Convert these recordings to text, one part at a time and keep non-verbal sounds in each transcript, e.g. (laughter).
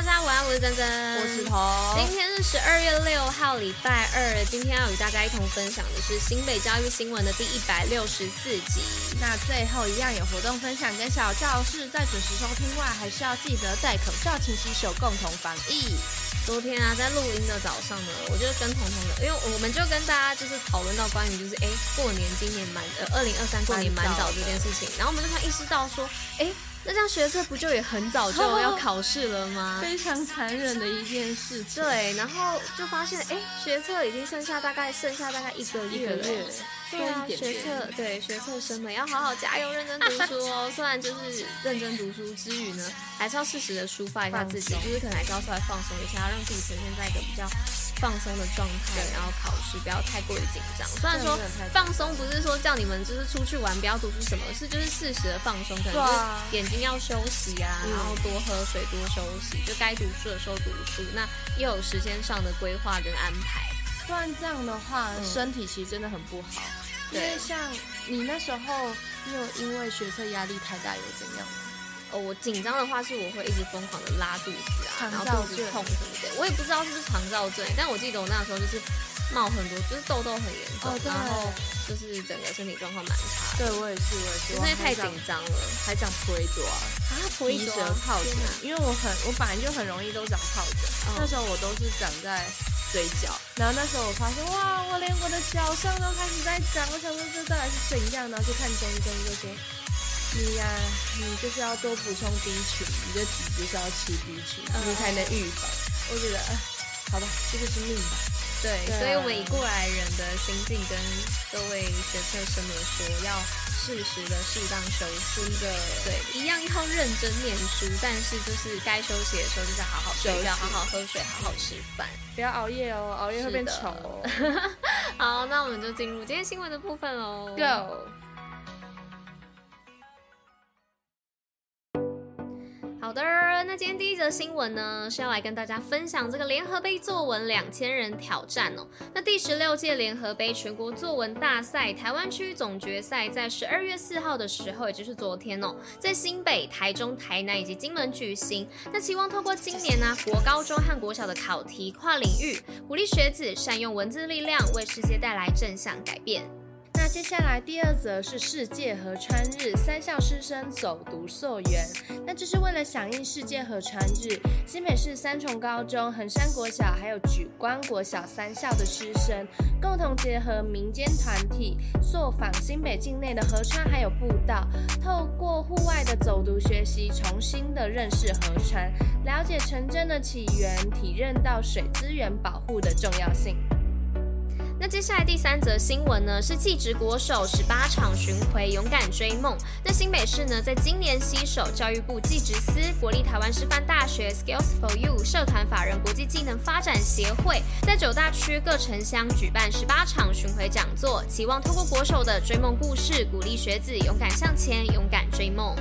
大家晚安，我是貞貞，我是童。今天是十二月六號，禮拜二。今天要與大家一同分享的是新北教育新聞的第一百六十四集。那最後一樣有活動分享跟小教室，在準時收聽，外，還是要記得戴口罩、勤洗手，共同防疫。昨天啊，在錄音的早上呢，我就跟童童的，因為我們就跟大家就是討論到關於就是哎、欸，過年今年蠻呃二零二三過年蠻早這件事情，然後我們就想意識到說，哎、欸。那這樣學測不就也很早就要考試了嗎？非常殘忍的一件事情。對，然後就發現，哎，學測已經剩下大概剩下大概一個一個月。個了對啊，點點學測對學測生們要好好加油，認真讀書哦。雖然 (laughs) 就是認真讀書之餘呢，還是要適時的抒發一下自己，就是可能還是要出來放鬆一下，讓自己呈現在一個比較。放鬆的狀態，然後考試不要太過於緊張。雖然說放鬆不是說叫你們就是出去玩，不要讀書什麼事，是就是適時的放鬆，可能就是眼睛要休息啊，嗯、然後多喝水，多休息，就該讀書的時候讀書。那又有時間上的規劃跟安排，不然這樣的話，身體其實真的很不好。嗯、對因為像你那時候，你有因為學測壓力太大又怎樣？哦，我緊張的話是，我會一直瘋狂的拉肚子啊，然後肚子痛什麼的，我也不知道是不是腸躁症，嗯、但我記得我那時候就是冒很多，就是痘痘很嚴重，哦、對對對，然後就是整個身體狀況蠻差。對我也是，我也是。因為太緊張了，還長脫衣妝啊，脫衣舌疱疹。因為我很，我本來就很容易都長疱疹，嗯、那時候我都是長在嘴角，然後那時候我發現哇，我連我的腳上都開始在長，我想說，這到底是怎樣呢？然後就看中醫，中醫就說。你呀、啊，你就是要多補充 D 群，你的底接是要吃 D 群、啊，嗯、你才能預防。對我覺得，好吧，這就是命吧。對，對，所以，我們以過來人的心境跟各位學科生們說，要適時的、適當休息的。對，對，一樣要認真念書，對但是就是該休息的時候，就是要好好睡覺，息好好喝水，好好吃飯，對不要熬夜哦，熬夜會變醜、哦。好的 (laughs) 好，那我們就進入今天新聞的部分嘍、哦。Go。好的，那今天第一則新聞呢，是要來跟大家分享這個聯合盃作文兩千人挑戰哦。那第十六屆聯合盃全國作文大賽台灣區總決賽在十二月四號的時候，也就是昨天哦，在新北、台中、台南以及金門舉行。那期望透過今年呢、啊，國高中和國小的考題跨領域，鼓勵學子善用文字力量，為世界帶來正向改變。那接下來第二則是世界河川日，三校師生走讀溯源。那就是為了響應世界河川日，新北市三重高中、橫山國小還有莒光國小三校的師生，共同結合民間團體，做訪新北境內的河川還有步道，透過戶外的走讀學習，重新的認識河川，了解城鎮的起源，體認到水資源保護的重要性。那接下來第三則新聞呢，是技職國手十八場巡迴，勇敢追夢。那新北市呢，在今年攜手教育部技職司、國立台灣師範大學 Skills for You 社團法人國際技能發展協會，在九大區各城鄉舉辦十八場巡迴講座，期望透過國手的追夢故事，鼓勵學子勇敢向前，勇敢追夢。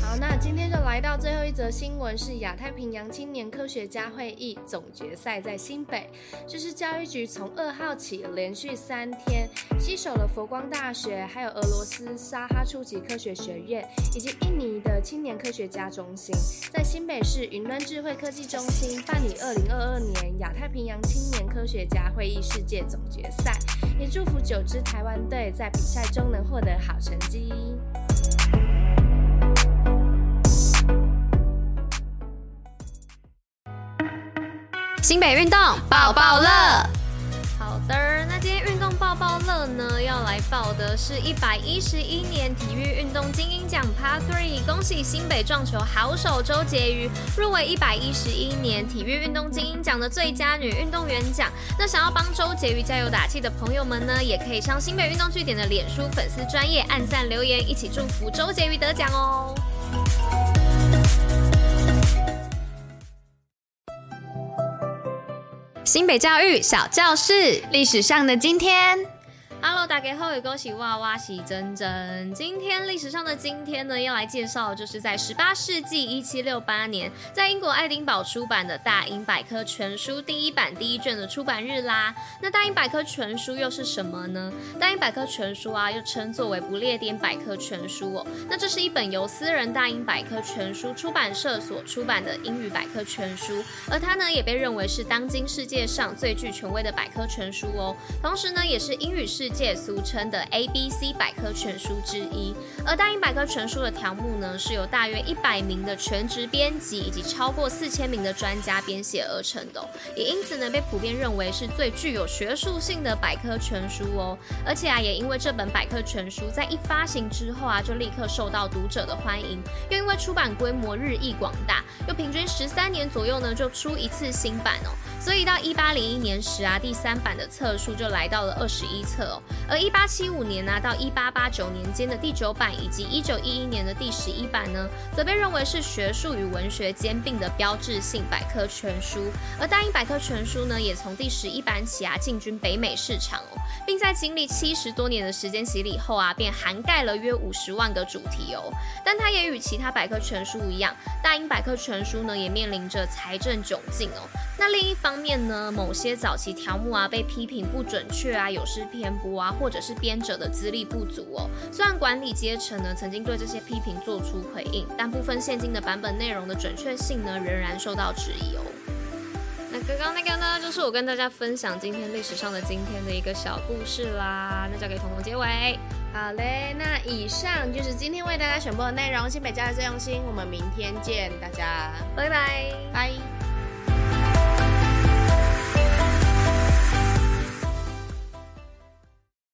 好，那今天就來到最後一則新聞，是亞太平洋青年科學家會議總決賽在新北。這，就是教育局從二號起連續三天，攜手了佛光大學、還有俄羅斯沙哈初級科學學院以及印尼的青年科學家中心，在新北市雲端智慧科技中心辦理二零二二年亞太平洋青年科學家會議世界總決賽，也祝福九支台灣隊在比賽中能獲得好成績。新北運動報報樂，抱抱，好的，那今天運動報報樂呢，要來報的是一百一十一年體育運動菁英獎 Part Three，恭喜新北撞球好手周杰瑜入圍一百一十一年體育運動菁英獎的最佳女運動員獎。那想要幫周杰瑜加油打氣的朋友們呢，也可以上新北運動據點的臉書粉絲專頁按贊留言，一起祝福周杰瑜得獎哦。新北教育小教室，歷史上的今天。Hello，大家好，也恭喜娃娃喜真真。今天歷史上的今天呢，要來介紹的就是在十八世紀一七六八年，在英國愛丁堡出版的大英百科全書第一版第一卷的出版日啦。那大英百科全書又是什麼呢？大英百科全書啊，又稱作為不列顛百科全書哦。那這是一本由私人大英百科全書出版社所出版的英語百科全書，而它呢，也被認為是當今世界上最具權威的百科全書哦。同時呢，也是英語世界世界俗稱的 ABC 百科全書之一，而大英百科全書的條目呢，是由大約一百名的全職編輯以及超過四千名的專家編寫而成的喔，也因此呢，被普遍認為是最具有學術性的百科全書喔。而且啊，也因為這本百科全書在一發行之後啊，就立刻受到讀者的歡迎，又因為出版規模日益廣大，又平均十三年左右呢，就出一次新版喔。所以到一八零一年時啊，第三版的冊數就來到了二十一冊哦。而一八七五年啊到一八八九年間的第九版，以及一九一一年的第十一版呢，則被認為是學術與文學兼併的標誌性百科全書。而大英百科全書呢，也從第十一版起啊，進軍北美市場哦，並在經歷七十多年的時間洗禮後啊，便涵蓋了約五十萬個主題哦。但它也與其他百科全書一樣，大英百科全書呢，也面臨着財政窘境哦。那另一方面呢，某些早期條目啊，被批評不準確啊，有失偏頗啊。或者是編者的資歷不足哦。雖然管理階層呢，曾經對這些批評做出回應，但部分現今的版本內容的準確性呢，仍然受到質疑哦。那剛剛那個呢，就是我跟大家分享今天歷史上的今天的一個小故事啦。那交給彤彤結尾。好嘞，那以上就是今天為大家選播的內容。新北家的最用心，我們明天見，大家，拜拜，拜。